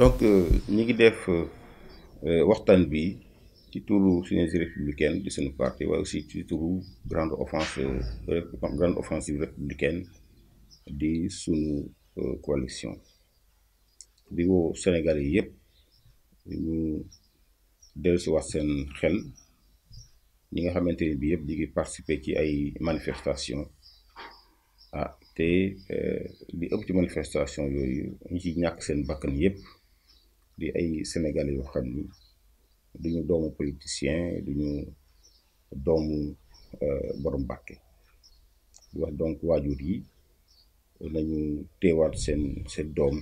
donc euh, ñi ngi def euh, waxtan bi ci touru Synergie républicaine di suñu parti waaye aussi ci touru grande offense euh, grande offensive républicaine di suñu coalition di wo sénégalais, yépp ñu dellu si wax seen xel ñi nga xamante ni bi yépp di ngi participer ci ay manifestation ah te li ëpp ci manifestation yooyu ñi ci ñàkk seen bakkan yépp di ay sénégalais yoo xam ni duñu doomu politicien duñu doomu euh, borom bàkke di wax donc waajur yi nañu teewaat seen seen doom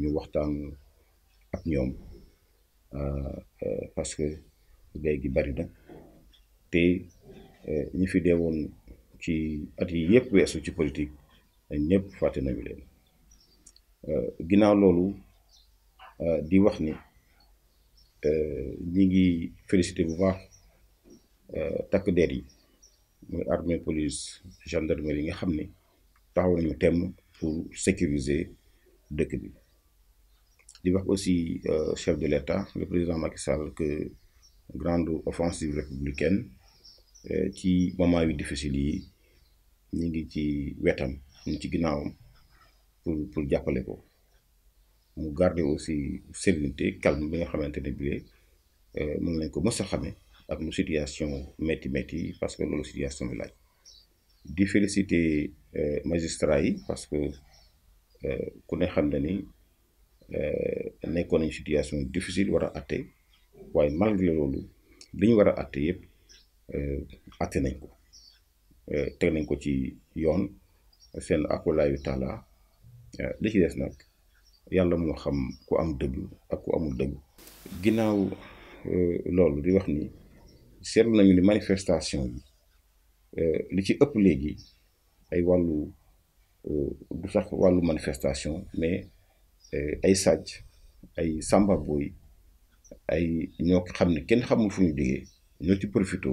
ñu waxtaan ak ñoom euh, euh, parce que léegi bari na te ñi fi dee woon ci at yi yëpp weesu ci politique ñëpp fàtte nañu leen ginnaaw loolu Euh, di wax ni euh, ñi ngi félicité bu baax euh, takk der yi muy armée police gendarmerie nga xam ni taxaw nañu temm pour sécuriser dëkk bi di wax aussi chef de l'État le président Macky Sall que grande offensive républicaine ci moment yu difficile yi ñi ngi ci wetam ñu ci ginnaawam pour pour jàppale ko mu garder aussi sérénité calme bi nga xamantene bi euh mu ngi leen ko mës xamé ak mu situation métti métti parce que loolu situation bi laaj di féliciter euh, magistrat yi parce que euh, ku ne xam na ni euh, nekkoon nañ situation difficile war a atte waaye malgré loolu li ñu war a atté yëpp atte nañ ko teg nañ ko ci yoon seen akulaayu taala li ci des nag. yàlla moo xam ku am dëgg ak ku amul dëgg ginnaaw euh, loolu di wax ni seetlu nañu ni manifestation yi euh, li ci ëpp léegi ay wàllu euh, du sax wàllu manifestation mais ay sàcc ay samba boy ay ñoo xam ne kenn xamul fu ñu jógee ñoo ci profité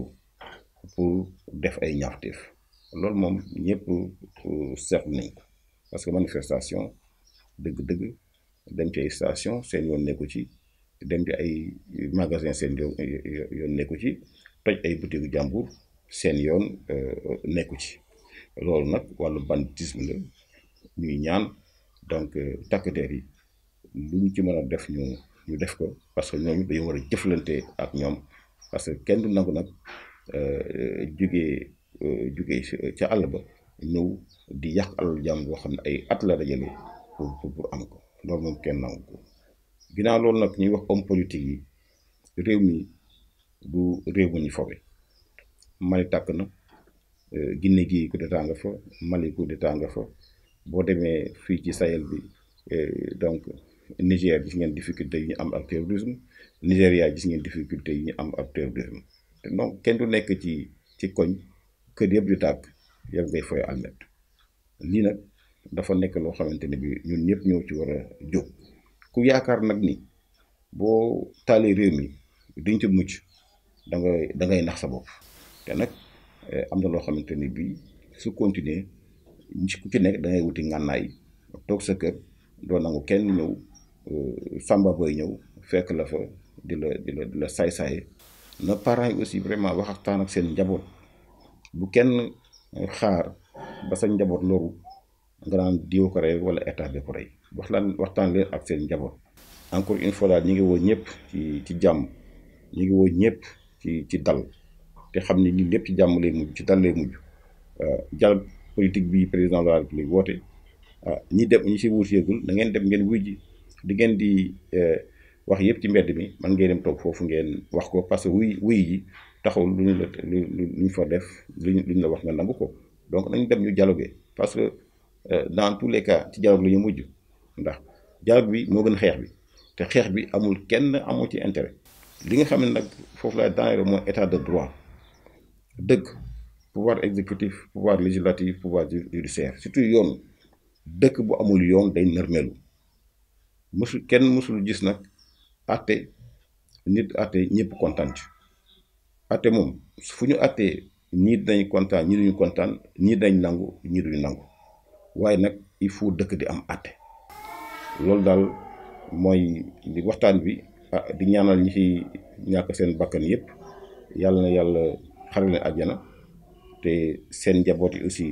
pour def ay ñaawteef loolu moom ñëpp seetlu nañ parce que manifestation dëgg-dëgg dem ci station seen yoon nekku ci ay magasin seen yoon nekku ci toj ay boutique seen yoon euh, nekku ci donc euh, takk yi ci def parce que ñooñu dañu war a ak parce que kenn du nangu nag euh, jugee jugee ca àll ba ñëw di yàq ay pour pour am loolu moom kenn nangu ko ginnaaw loolu nag ñuy wax homme politique yi réew mi bu réew mu ñu fowe Mali tàkk na euh, Guinée gii coup d'état nga fa Mali coup d'état nga fa boo demee fii ci Sahel bi euh, donc Niger gis ngeen difficulté yi ñu am ak terrorisme Nigéria gis ngeen difficulté yi ñu am ak terrorisme donc kenn du nekk ci ci koñ kër yëpp di tàkk yëpp ngay foy almet lii nag dafa nekk loo xamante ne bi ñun ñëpp ñëw ci war jóg ku yaakaar nag ni boo taalee réew mi diñ ci mucc da ngay da ngay nax sa bopp te nag eh, am na loo xamante ni bi su continuer ku ci nekk dangay wuti ngànnaay toog sa kër doo nangu kenn ñëw eh, sàmba boy ñëw fekk la fa di la di la di la saay-saaye na parents yi aussi vraiment waxtaan ak seen njaboot bu kenn xaar ba sa njaboot loru nga naan diw ko rey wala état bi ko rey waxtaan waxtaan leen ak seen njaboot encore une daal ñu ngi woo ñëpp ci ci jàmm ñu ngi woo ñëpp ci ci dal te xam ne lii lépp ci jàmm lay mujj ci dal lay mujj euh, jàll politique bi président la république woote ah ñi dem ñi si da ngeen dem ngeen wuy ji di ngeen di euh, wax yëpp ci mbedd mi man ngeen toog foofu ngeen wax ko parce que wuy wuy ji taxawul lu ñu la lu ñu def luñ la wax nga nangu ko donc nañ dem ñu dialoguer parce que. Euh, dans tous les cas ci dialogue la mujj ndax dialogue bi moo gën xeex bi te xeex bi amul kenn amoo ci intérêt li nga xam ne nag foofu laay daaneel moom état de droit dëkk pouvoir exécutif pouvoir législatif pouvoir judiciaire surtout yoon dëkk bu amul yoon day nërmeelu mësul kenn mësul gis nag àtte nit àtte ñëpp kontaan ci àtte moom fu ñu àttee ñii dañu kontaan ñii duñu kontaan ñii dañ nangu ñii duñu nangu waaye nag il faut dëkk di am àtte loolu daal mooy di waxtaan bi ah di ñaanal ñi ci ñàkk seen bakkan yëpp yàlla na yàlla xare leen àjjana te seen njaboot yi aussi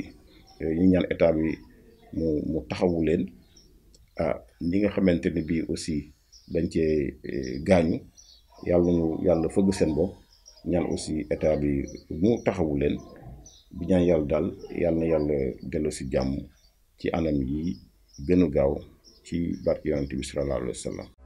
eh, ñu ñaan état bi mu mu taxawu leen ah ñi nga xamante ni bii aussi dañ cee eh, gaañu yàlla ñu yàlla fëgg seen bopp ñaan aussi état bi mu leen bi ñaan yàlla daal yàlla na yàlla delloo si jàmm. ci anam yi gën a gaaw ci barke yonent bi